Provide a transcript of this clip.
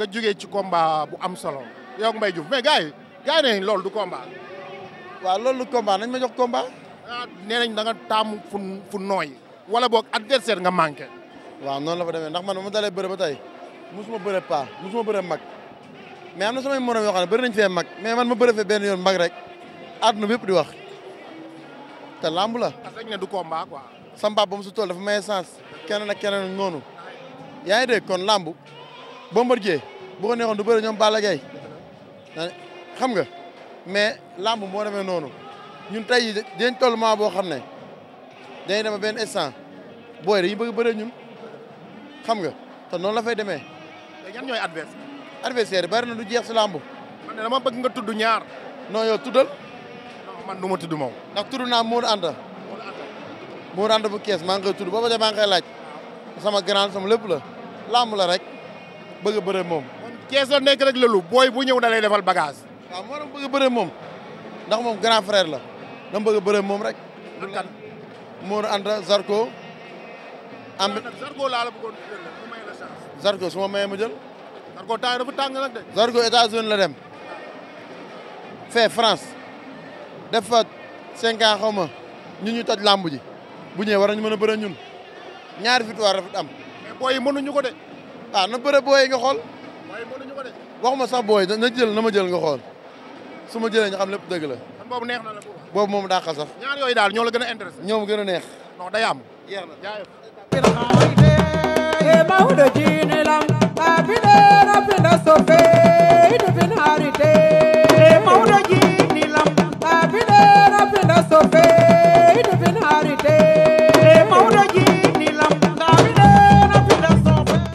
nga jógee ci combat bu am solo yow Mbaye Diouf mais gars yi gars yi ne loolu du combat. waaw loolu du combat nañ ma jox combat. ah nee nañ da nga taamu fu nooy. wala boog adversaire nga manqué. waaw noonu la fa demee ndax man ba ma dalee bëre ba tey mosuma bëre paa mosuma bëre mag mais am na samay morom yoo xam ne bëri nañ fee mag mais man ma bëre fee benn yoon mag rek àdduna di wax te làmb la. parce ne du combat quoi. sa mbaab ba mu si toll dafa may sens keneen ak keneen noonu yaa ngi dégg làmb. Bombardier bu ko neexoon du bëri ñoom Balla Gaye xam nga mais làmb moo demee noonu ñun tey jii dinañ toll boo xam ne dañuy dem benn instant booy dañuy bëgg bëri ñun xam nga te noonu la fay demee. mais ñan ñooy adversaire. adversaire bari na du jeex si làmb. man de dama bëgg nga tudd ñaar. non yow man du ma tudd moom. ndax tudd naa Mourou Anta. Mourou Anta bu kees maa ngi koy tudd ba ba tey maa ngi laaj. sama grand sama lépp la làmb la rek. bëgg a bëre moom. kon kees la nekk rek lolu booy bu ñëw da lay defal bagage. waaw moo doon bëgg a bëre moom ndax moom grand frère la dama bëgg a moom rek. du kan Mor Anta Zarko. am laa la bëggoon jël la may la chance. jël. Zarko temps dafa tàng nag de. Zarko États-Unis la dem. fee France def fa cinq ans xaw ma ñun ñu toj làmb ji bu ñëwee war nañu mën a bëre ñun ñaari victoire dafa am. mais booy yi mënuñu ko de. ah na bëre booy nga xool. wax ma sax booy na jël na ma jël nga xool su ma jëlee ñu xam lépp dëgg la. boobu neex na la boobu moom dàqa sax. ñaar yooyu daal ñoo la gën a intéressé. ñoom gën neex. non day am.